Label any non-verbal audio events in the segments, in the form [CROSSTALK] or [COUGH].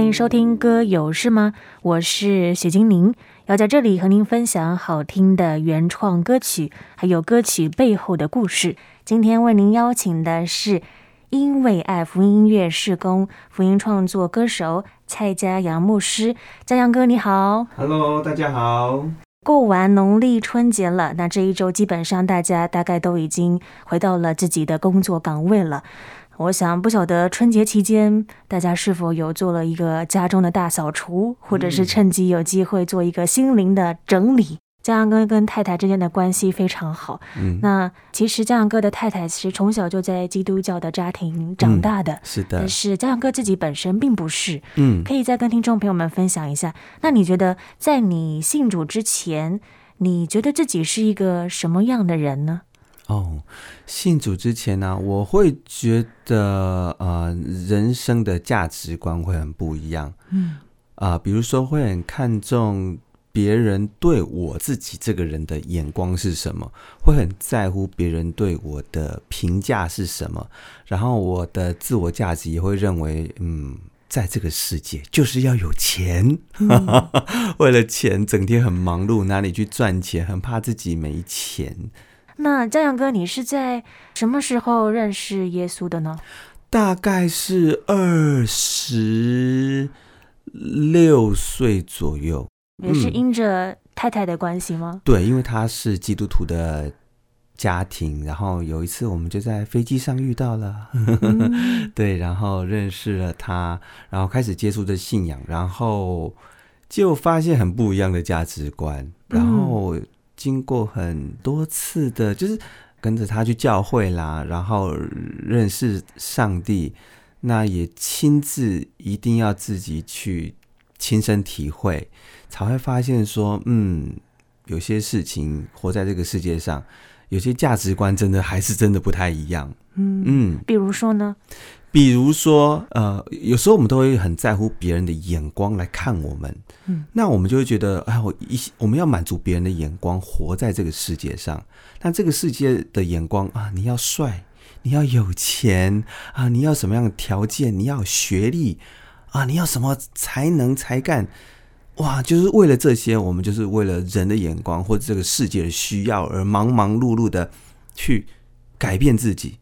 歡迎收聽歌有事嗎？我是許金寧，要在這裡和您分享好聽的原創歌曲，還有歌曲背後的故事。今天為您邀請的是音為愛福音音樂事工福音創作歌手蔡嘉揚牧師，嘉揚哥你好，Hello，大家好。過完農曆春節了，那這一周基本上大家大概都已經回到了自己的工作崗位了。我想不曉得春節期間大家是否有做了一個家中的大掃除，或者是趁機有機會做一個心靈的整理。嘉揚、嗯、哥跟太太之間的關係非常好。嗯，那其實嘉揚哥的太太其實從小就在基督教的家庭長大的，嗯、是的。但是嘉揚哥自己本身並不是。嗯，可以再跟聽眾朋友們分享一下。那你覺得在你信主之前，你覺得自己是一個什麼樣的人呢？哦，信主之前呢、啊，我會覺得啊、呃，人生的價值觀會很不一樣，嗯啊、呃，比如說會很看重別人對我自己這個人的眼光是什麼，會很在乎別人對我的評價是什麼，然後我的自我價值也會認為，嗯，在這個世界就是要有錢，嗯、 [LAUGHS] 為了錢整天很忙碌，哪裡去賺錢，很怕自己沒錢。那嘉揚哥，你是在什麼時候認識耶穌的呢？大概是二十六歲左右，也是因着太太的關係嗎、嗯？對，因為他是基督徒的家庭，然後有一次我們就在飛機上遇到了，嗯、 [LAUGHS] 對，然後認識了他，然後開始接觸這信仰，然後就發現很不一樣的價值觀，然後、嗯。經過很多次的，就是跟着他去教會啦，然後認識上帝，那也親自一定要自己去親身體會，才會發現說，嗯，有些事情活在這個世界上，有些價值觀真的還是真的不太一樣，嗯嗯，比如說呢？比如說，呃，有時候我們都會很在乎別人的眼光來看我們，嗯，那我們就會覺得，哎、啊，我一些我們要滿足別人的眼光，活在這個世界上。那這個世界的眼光啊，你要帥，你要有錢啊，你要什麼樣的條件？你要學歷啊，你要什麼才能才幹？哇，就是為了這些，我們就是為了人的眼光或者這個世界的需要而忙忙碌碌的去改變自己。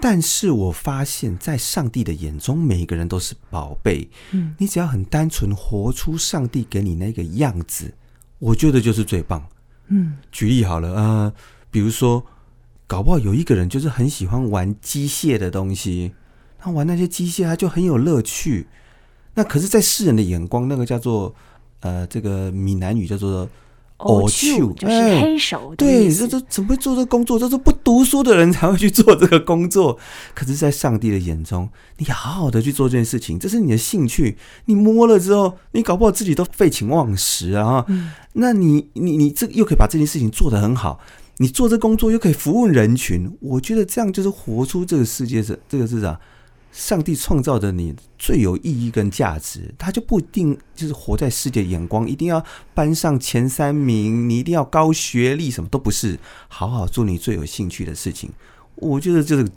但是我發現，在上帝的眼中，每一個人都是寶貝。嗯，你只要很單純，活出上帝給你那個樣子，我覺得就是最棒。嗯，舉例好了，呃，比如說，搞不好有一個人就是很喜歡玩機械的東西，他玩那些機械他就很有樂趣。那可是，在世人的眼光，那個叫做呃，這個閩南語叫做。哦，就是黑手，哎，對，這這怎麼會做這工作？這是不讀書的人才會去做這個工作。可是，在上帝的眼中，你好好的去做這件事情，這是你的興趣。你摸了之後，你搞不好自己都廢寢忘食啊。嗯、那你你你這又可以把這件事情做得很好，你做這工作又可以服務人群。我覺得這樣就是活出這個世界的，這個是啥？啊。上帝創造的你最有意義跟價值，他就不一定就是活在世界眼光，一定要班上前三名，你一定要高學歷，什麼都不是，好好做你最有興趣的事情。我覺得這個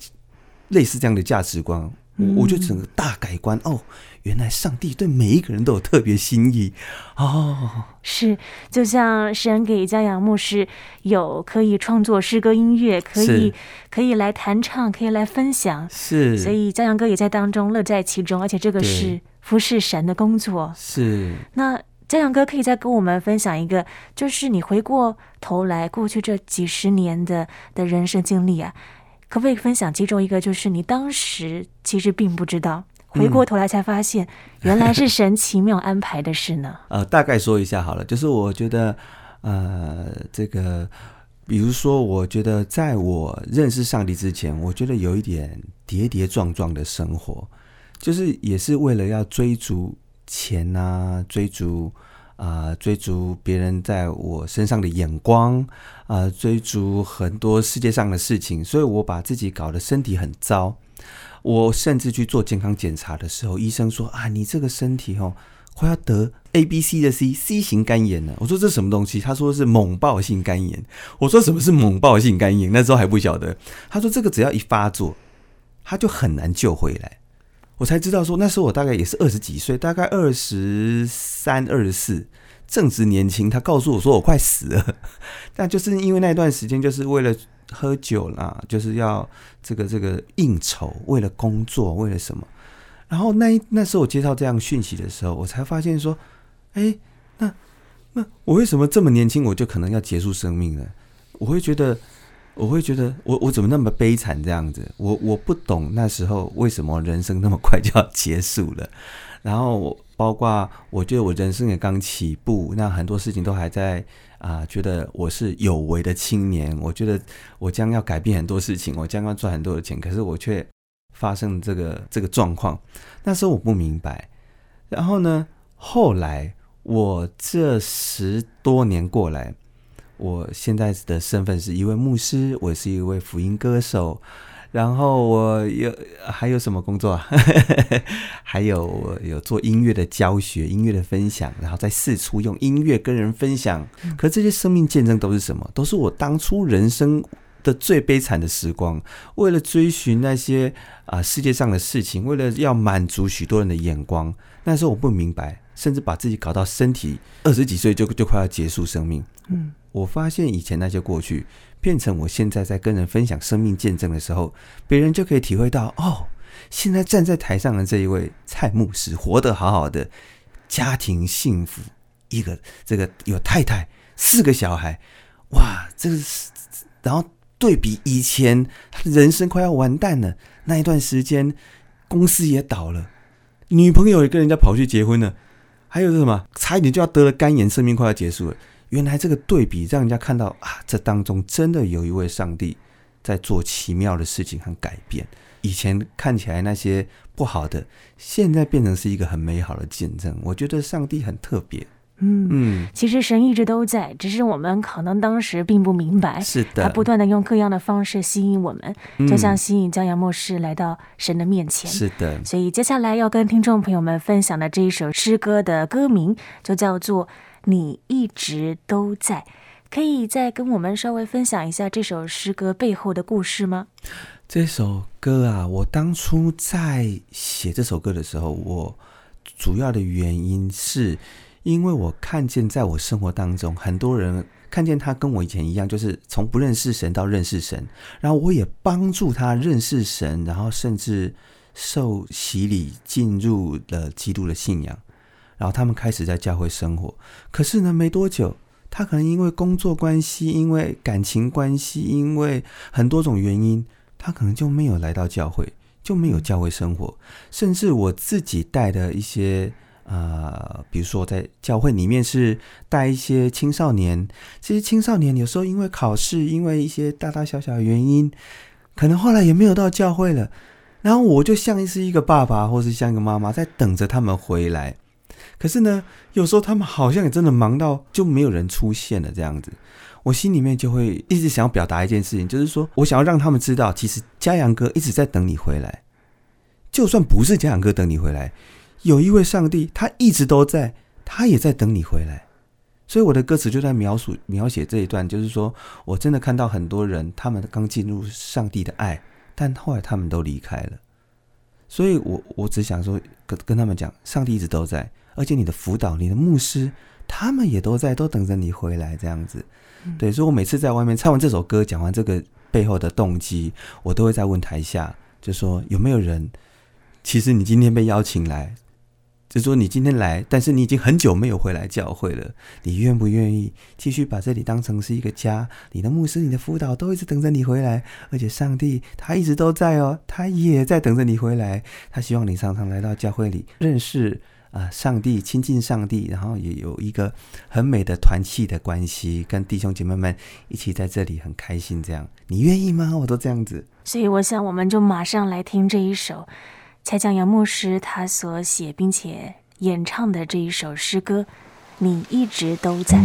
類似這樣的價值觀，嗯、我我就整個大改觀哦。原來上帝對每一個人都有特別心意，哦、oh，是，就像神給嘉揚牧師有可以創作詩歌音樂，可以是可以來彈唱，可以來分享，是，所以嘉揚哥也在當中樂在其中，而且這個是服侍神的工作，是。那嘉揚哥可以再跟我們分享一個，就是你回過頭來過去這幾十年的的人生經歷啊，可不可以分享其中一個，就是你當時其實並不知道。回過頭來才發現，原來是神奇妙安排的事呢。 [LAUGHS] 呃，大概說一下好了，就是我覺得，呃，這個，比如說，我覺得在我認識上帝之前，我覺得有一點跌跌撞撞的生活，就是也是為了要追逐錢啊，追逐啊、呃，追逐別人在我身上的眼光啊、呃，追逐很多世界上的事情，所以我把自己搞得身體很糟。我甚至去做健康檢查的時候，醫生說：“啊，你這個身體哦，快要得 A、B、C 的 C C 型肝炎了。”我說：“這什麼東西？”他說：“是猛爆性肝炎。”我說：“什麼是猛爆性肝炎？”那時候還不曉得。他說：“這個只要一發作，他就很難救回來。”我才知道說，那時候我大概也是二十幾歲，大概二十三、二十四，正值年輕。他告訴我說：“我快死了。 [LAUGHS] ”那就是因為那段時間，就是為了。喝酒啦，就是要這個這個應酬，為了工作，為了什麼？然後那一那時候我接到這樣訊息的時候，我才發現說，欸，那那我為什麼這麼年輕，我就可能要結束生命呢？我會覺得，我會覺得我，我我怎麼那麼悲慘這樣子？我我不懂那時候為什麼人生那麼快就要結束了。然後我包括我覺得我人生也剛起步，那很多事情都還在啊，呃，覺得我是有為的青年，我覺得我將要改變很多事情，我將要賺很多的錢，可是我卻發生這個這個狀況，那時候我不明白。然後呢，後來我這十多年過來，我現在的身份是一位牧師，我是一位福音歌手。然後我有還有什麼工作啊？ [LAUGHS] 還有我有做音樂的教學、音樂的分享，然後在四處用音樂跟人分享。嗯、可這些生命見證都是什麼？都是我當初人生的最悲慘的時光。為了追尋那些啊、呃、世界上的事情，為了要滿足許多人的眼光，那時候我不明白，甚至把自己搞到身體二十幾歲就就快要結束生命。嗯，我發現以前那些過去。變成我現在在跟人分享生命見證的時候，別人就可以體會到哦，現在站在台上的這一位蔡牧師活得好好的，家庭幸福，一個這個有太太，四個小孩，哇，這個是然後對比以前，他的人生快要完蛋了，那一段時間公司也倒了，女朋友也跟人家跑去結婚了，還有是什麼，差一點就要得了肝炎，生命快要結束了。原來這個對比，讓人家看到啊，這當中真的有一位上帝在做奇妙的事情和改變。以前看起來那些不好的，現在變成是一個很美好的見證。我覺得上帝很特別。嗯，其實神一直都在，只是我們可能當時並不明白。是的，他不斷的用各樣的方式吸引我們，嗯、就像吸引嘉揚牧師來到神的面前。是的，所以接下來要跟聽眾朋友們分享的這一首詩歌的歌名就叫做《你一直都在》。可以再跟我們稍微分享一下這首詩歌背後的故事嗎？這首歌啊，我當初在寫這首歌的時候，我主要的原因是。因為我看見在我生活當中，很多人看見他跟我以前一樣，就是從不認識神到認識神，然後我也幫助他認識神，然後甚至受洗禮進入了基督的信仰，然後他們開始在教會生活。可是呢，沒多久，他可能因為工作關係，因為感情關係，因為很多種原因，他可能就沒有來到教會，就沒有教會生活，甚至我自己帶的一些。呃，比如說我在教會裡面是帶一些青少年，這些青少年有時候因為考試，因為一些大大小小的原因，可能後來也沒有到教會了。然後我就像是一個爸爸，或是像一個媽媽，在等着他們回來。可是呢，有時候他們好像也真的忙到就沒有人出現了這樣子。我心裡面就會一直想要表達一件事情，就是說我想要讓他們知道，其實嘉揚哥一直在等你回來，就算不是嘉揚哥等你回來。有一位上帝，他一直都在，他也在等你回來。所以我的歌詞就在描述描寫這一段，就是說我真的看到很多人，他們剛進入上帝的愛，但後來他們都離開了。所以我，我我只想說，跟跟他們講，上帝一直都在，而且你的輔導，你的牧師，他們也都在，都等着你回來這樣子。嗯、對，所以，我每次在外面唱完這首歌，講完這個背後的動機，我都會再問台下，就說有沒有人？其實你今天被邀請來。就說你今天來，但是你已經很久沒有回來教會了。你願不願意繼續把這裡當成是一個家？你的牧師、你的輔導都一直等着你回來，而且上帝他一直都在哦，他也在等着你回來。他希望你常常來到教會裡，認識啊、呃、上帝，親近上帝，然後也有一個很美的團契的關係，跟弟兄姐妹們一起在這裡很開心。這樣你願意嗎？我都這樣子。所以我想，我們就馬上來聽這一首。蔡嘉揚牧師他所寫並且演唱的這一首詩歌，《你一直都在》。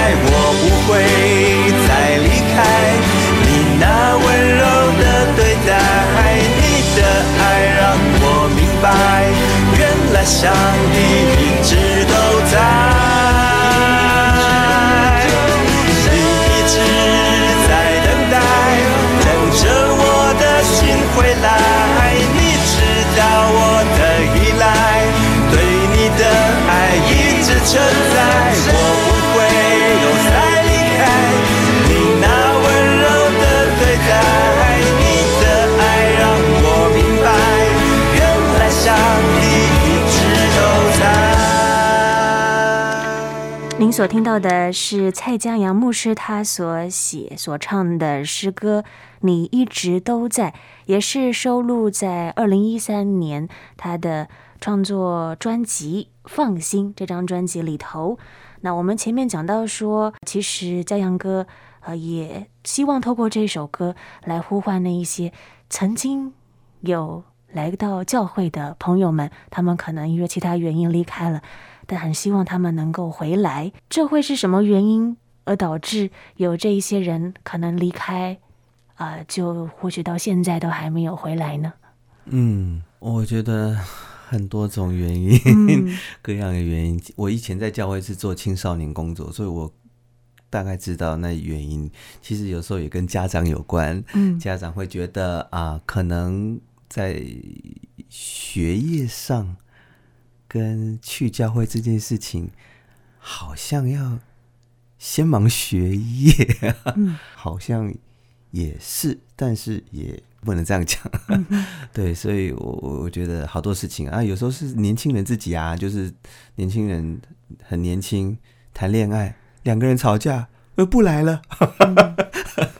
我不會再離開你那溫柔的對待，你的愛讓我明白，原來像你。您所聽到的是蔡嘉揚牧師他所寫所唱的詩歌《你一直都在》，也是收錄在二零一三年他的創作專輯《放心》這張專輯裡頭。那我們前面講到說，其實嘉揚哥呃也希望透過這首歌來呼喚那一些曾經有來到教會的朋友們，他們可能因為其他原因離開了。但很希望他們能夠回來，這會是什麼原因而導致有這一些人可能離開啊、呃，就或許到現在都還沒有回來呢？嗯，我覺得很多種原因，嗯、各樣的原因。我以前在教會是做青少年工作，所以我大概知道那原因。其實有時候也跟家長有關，嗯，家長會覺得啊、呃，可能在學業上。跟去教會這件事情，好像要先忙學業，嗯、好像也是，但是也不能這樣講。嗯、對，所以我我覺得好多事情啊，有時候是年輕人自己啊，就是年輕人很年輕，談戀愛兩個人吵架，又不來了，嗯、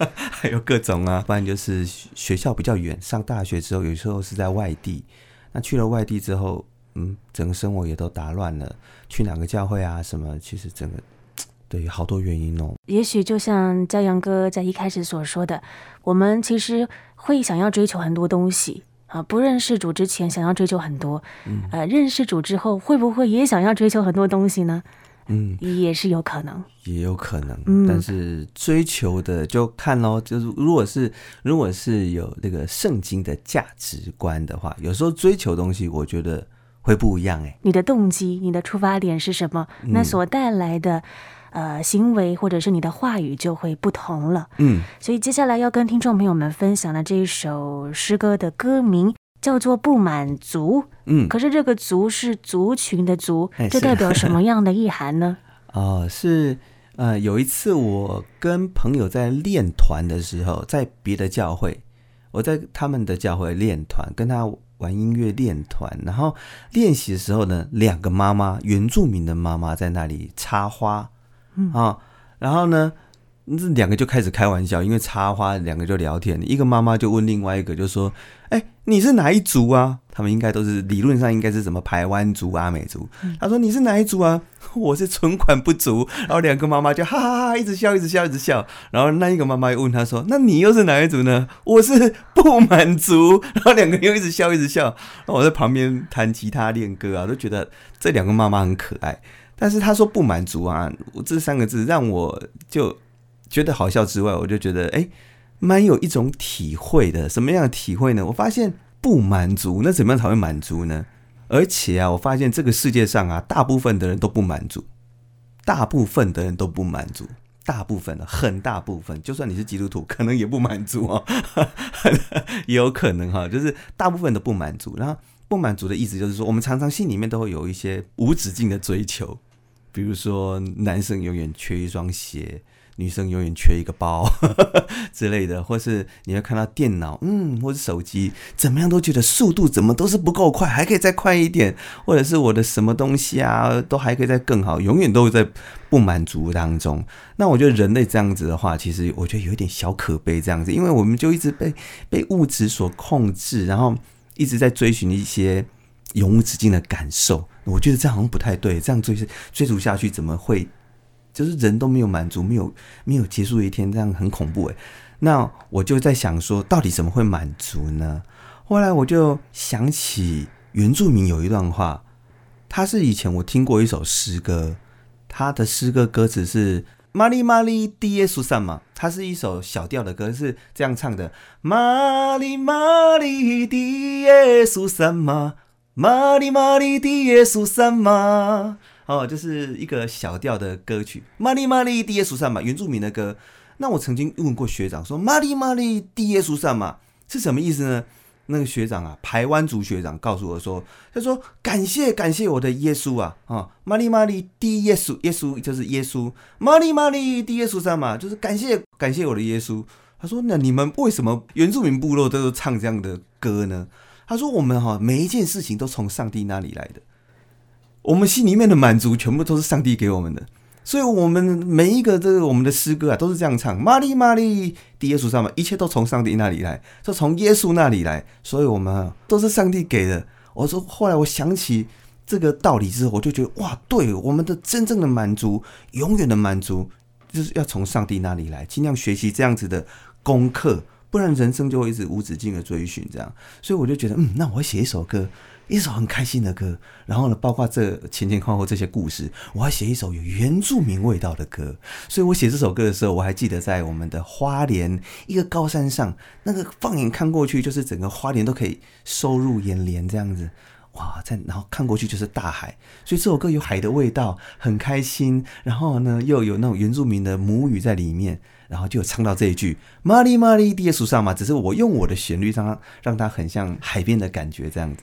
[LAUGHS] 還有各種啊，不然就是學校比較遠，上大學之後有時候是在外地，那去了外地之後。嗯，整個生活也都打亂了，去哪個教會啊，什麼？其實整個，對，好多原因哦。也許就像嘉揚哥在一開始所說的，我們其實會想要追求很多東西啊、呃。不認識主之前，想要追求很多，嗯，呃，認識主之後，會不會也想要追求很多東西呢？嗯，也是有可能，也有可能。嗯、但是追求的就看嘍，就是如果是如果是有這個聖經的價值觀的話，有時候追求東西，我覺得。會不一樣哎，欸，你的動機、你的出發點是什麼？嗯、那所帶來的，呃，行為或者是你的話語就會不同了。嗯，所以接下來要跟聽眾朋友們分享的這一首詩歌的歌名叫做《不滿族》。嗯，可是這個“族”是族群的“族”，是這代表什麼樣的意涵呢？ [LAUGHS] 哦，是呃，有一次我跟朋友在練團的時候，在別的教會，我在他們的教會練團，跟他。玩音樂練團，然後練習的時候呢，兩個媽媽，原住民的媽媽，在那裡插花，嗯，啊，然後呢。這兩個就開始開玩笑，因為插花，兩個就聊天。一個媽媽就問另外一個，就說：“哎、欸，你是哪一族啊？”他們應該都是理論上應該是什麼排灣族啊、阿美族。他說：“你是哪一族啊？”我是存款不足。然後兩個媽媽就哈哈哈哈，一直笑，一直笑，一直笑。然後那一個媽媽又問他說：“那你又是哪一族呢？”我是不滿足。然後兩個又一直笑，一直笑。然後我在旁邊彈吉他、練歌啊，都覺得這兩個媽媽很可愛。但是他說“不滿足”啊，這三個字讓我就。覺得好笑之外，我就覺得，誒，蠻有一種體會的。什麼樣的體會呢？我發現不滿足，那怎麼樣才會滿足呢？而且啊，我發現這個世界上啊，大部分的人都不滿足，大部分的人都不滿足，大部分的很大部分，就算你是基督徒，可能也不滿足啊、哦，也有可能哈、哦，就是大部分都不滿足。然後不滿足的意思就是說，我們常常心裡面都會有一些無止境的追求，比如說男生永遠缺一雙鞋。女生永遠缺一個包哈哈哈，之類的，或是你會看到電腦，嗯，或是手機，怎麼樣都覺得速度怎麼都是不夠快，還可以再快一點，或者是我的什麼東西啊，都還可以再更好，永遠都在不滿足當中。那我覺得人類這樣子的話，其實我覺得有一點小可悲，這樣子，因為我們就一直被被物質所控制，然後一直在追尋一些永無止境的感受。我覺得這樣好像不太對，這樣追追逐下去，怎麼會？就是人都沒有滿足，沒有沒有結束一天，這樣很恐怖哎。那我就在想說，到底怎麼會滿足呢？後來我就想起原住民有一段話，他是以前我聽過一首詩歌，他的詩歌歌詞是“瑪麗瑪麗，迪耶穌三媽”。它是一首小調的歌，是這樣唱的：“瑪麗瑪麗，迪耶穌三媽，瑪麗瑪麗，迪耶穌三哦，就是一個小調的歌曲，《瑪麗瑪麗，第耶穌上嘛》，原住民的歌。那我曾經問過學長說：“瑪麗瑪麗，第耶穌上嘛，是什麼意思呢？”那個學長啊，排灣族學長告訴我說：“他說感謝感謝我的耶穌啊啊、哦，瑪麗瑪麗，第耶穌耶穌就是耶穌，瑪麗瑪麗，第耶穌上嘛，就是感謝感謝我的耶穌。”他說：“那你們為什麼原住民部落都唱這樣的歌呢？”他說：“我們哈、哦、每一件事情都從上帝那裡來的。”我們心裡面的滿足全部都是上帝給我們的，所以，我們每一個這個我們的詩歌啊，都是這樣唱：瑪麗瑪麗，的耶穌上嘛，一切都從上帝那裡來，就從耶穌那裡來，所以我們、啊、都是上帝給的。我說，後來我想起這個道理之後，我就覺得哇，對，我們的真正的滿足，永遠的滿足，就是要從上帝那裡來，盡量學習這樣子的功課，不然人生就會一直無止境的追尋這樣。所以我就覺得，嗯，那我會寫一首歌。一首很開心的歌，然後呢，包括這前前後後這些故事，我要寫一首有原住民味道的歌。所以，我寫這首歌的時候，我還記得在我們的花蓮一個高山上，那個放眼看過去，就是整個花蓮都可以收入眼簾，這樣子，哇！在然後看過去就是大海，所以這首歌有海的味道，很開心。然後呢，又有那種原住民的母語在裡面，然後就有唱到這一句“嘛哩嘛哩”，地處上嘛，只是我用我的旋律讓它讓它很像海邊的感覺，這樣子。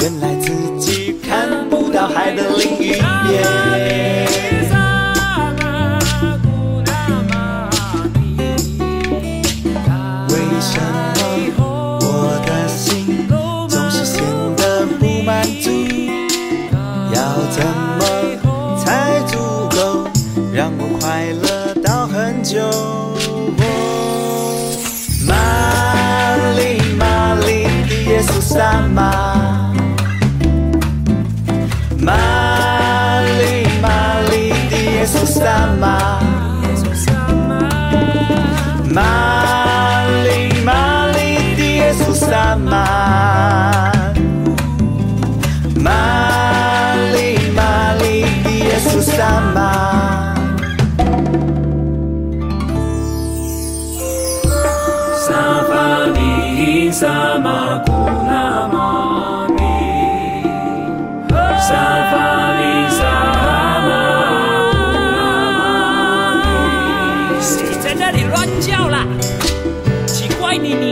原來自己看不到海的另一邊。為什麼我的心總是顯得不滿足？要怎麼才足夠讓我快樂到很久，哦？瑪麗瑪麗你亂叫啦，奇怪你！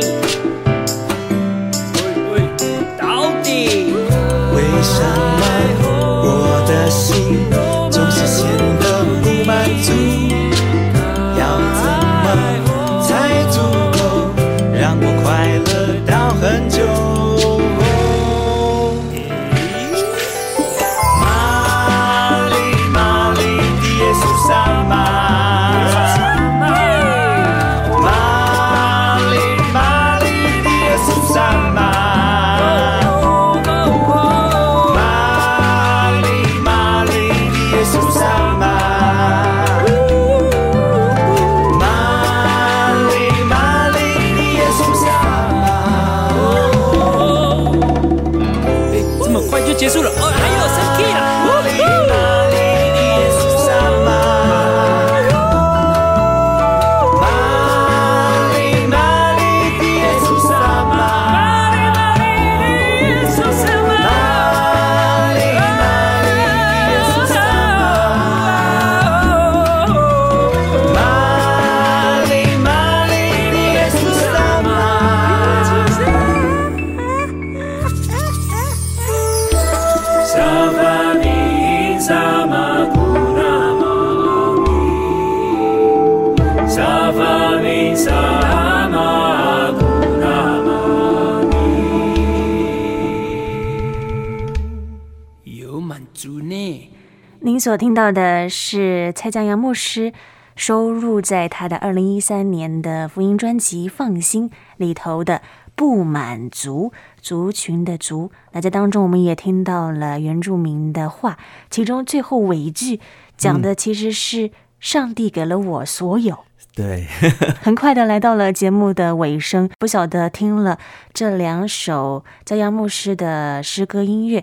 您所聽到的是蔡嘉揚牧師收錄在他的二零一三年的福音專輯《放心》裡頭的“不滿足族、族群”的“族”。那在當中，我們也聽到了原住民的話，其中最後尾一句講的其實是“上帝給了我所有”嗯。對， [LAUGHS] 很快的來到了節目的尾聲，不曉得聽了這兩首嘉揚牧師的詩歌音樂。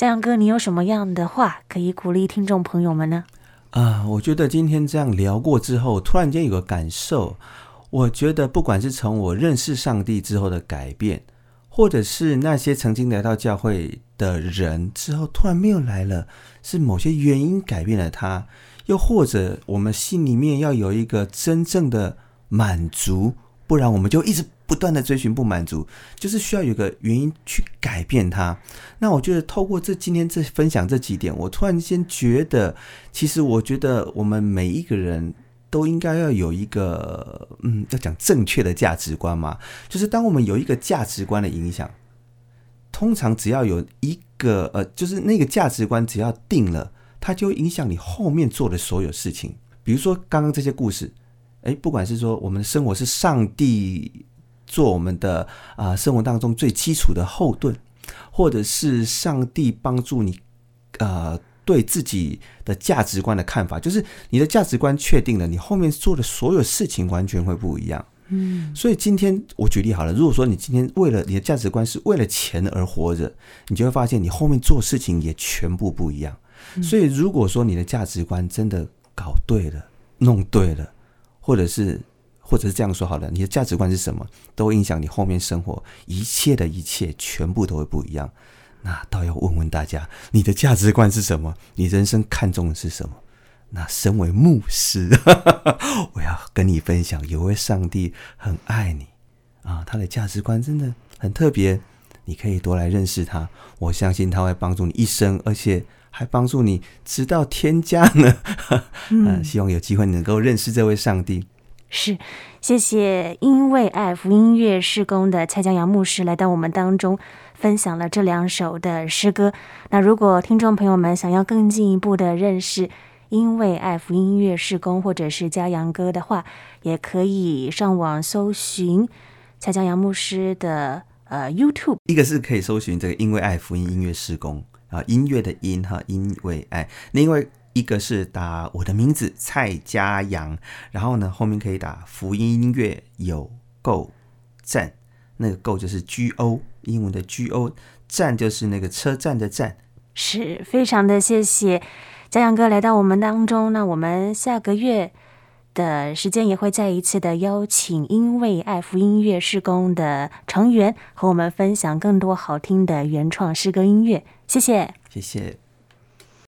嘉揚哥，你有什麼樣的話可以鼓勵聽眾朋友們呢？啊，uh, 我覺得今天這樣聊過之後，突然間有個感受，我覺得不管是從我認識上帝之後的改變，或者是那些曾經來到教會的人之後突然沒有來了，是某些原因改變了他，又或者我們心裡面要有一個真正的滿足，不然我們就一直。不斷的追尋不滿足，就是需要有一個原因去改變它。那我覺得透過這今天這分享這幾點，我突然間覺得，其實我覺得我們每一個人都應該要有一個，嗯，要講正確的價值觀嘛。就是當我們有一個價值觀的影響，通常只要有一個，呃，就是那個價值觀只要定了，它就會影響你後面做的所有事情。比如說剛剛這些故事，誒、欸，不管是說我們的生活是上帝。做我們的啊、呃、生活當中最基礎的後盾，或者是上帝幫助你啊、呃、對自己的價值觀的看法，就是你的價值觀確定了，你後面做的所有事情完全會不一樣。嗯，所以今天我舉例好了，如果說你今天為了你的價值觀是為了錢而活着，你就會發現你後面做事情也全部不一樣。所以如果說你的價值觀真的搞對了、弄對了，或者是。或者是這樣說好了，你的價值觀是什麼，都影響你後面生活一切的一切，全部都會不一樣。那倒要問問大家，你的價值觀是什麼？你人生看重的是什麼？那身為牧師， [LAUGHS] 我要跟你分享，有位上帝很愛你啊，他的價值觀真的很特別，你可以多來認識他。我相信他會幫助你一生，而且還幫助你直到天降直到天家呢。嗯、 [LAUGHS] 啊，希望有機會能夠認識這位上帝。是，謝謝音為愛福音音樂事工的蔡嘉揚牧師來到我們當中，分享了這兩首的詩歌。那如果聽眾朋友們想要更進一步的認識音為愛福音音樂事工或者是嘉揚哥的話，也可以上網搜尋蔡嘉揚牧師的呃 YouTube。一個是可以搜尋這個音為愛福音音樂事工啊，音樂的音哈，音為愛。因為。一個是打我的名字蔡嘉揚，然後呢後面可以打福音音樂有夠站，那個夠就是 G O 英文的 G O，站就是那個車站的站。是非常的謝謝嘉揚哥來到我們當中，那我們下個月的時間也會再一次的邀請音為愛福音音樂事工的成員和我們分享更多好聽的原創詩歌音樂，謝謝，謝謝。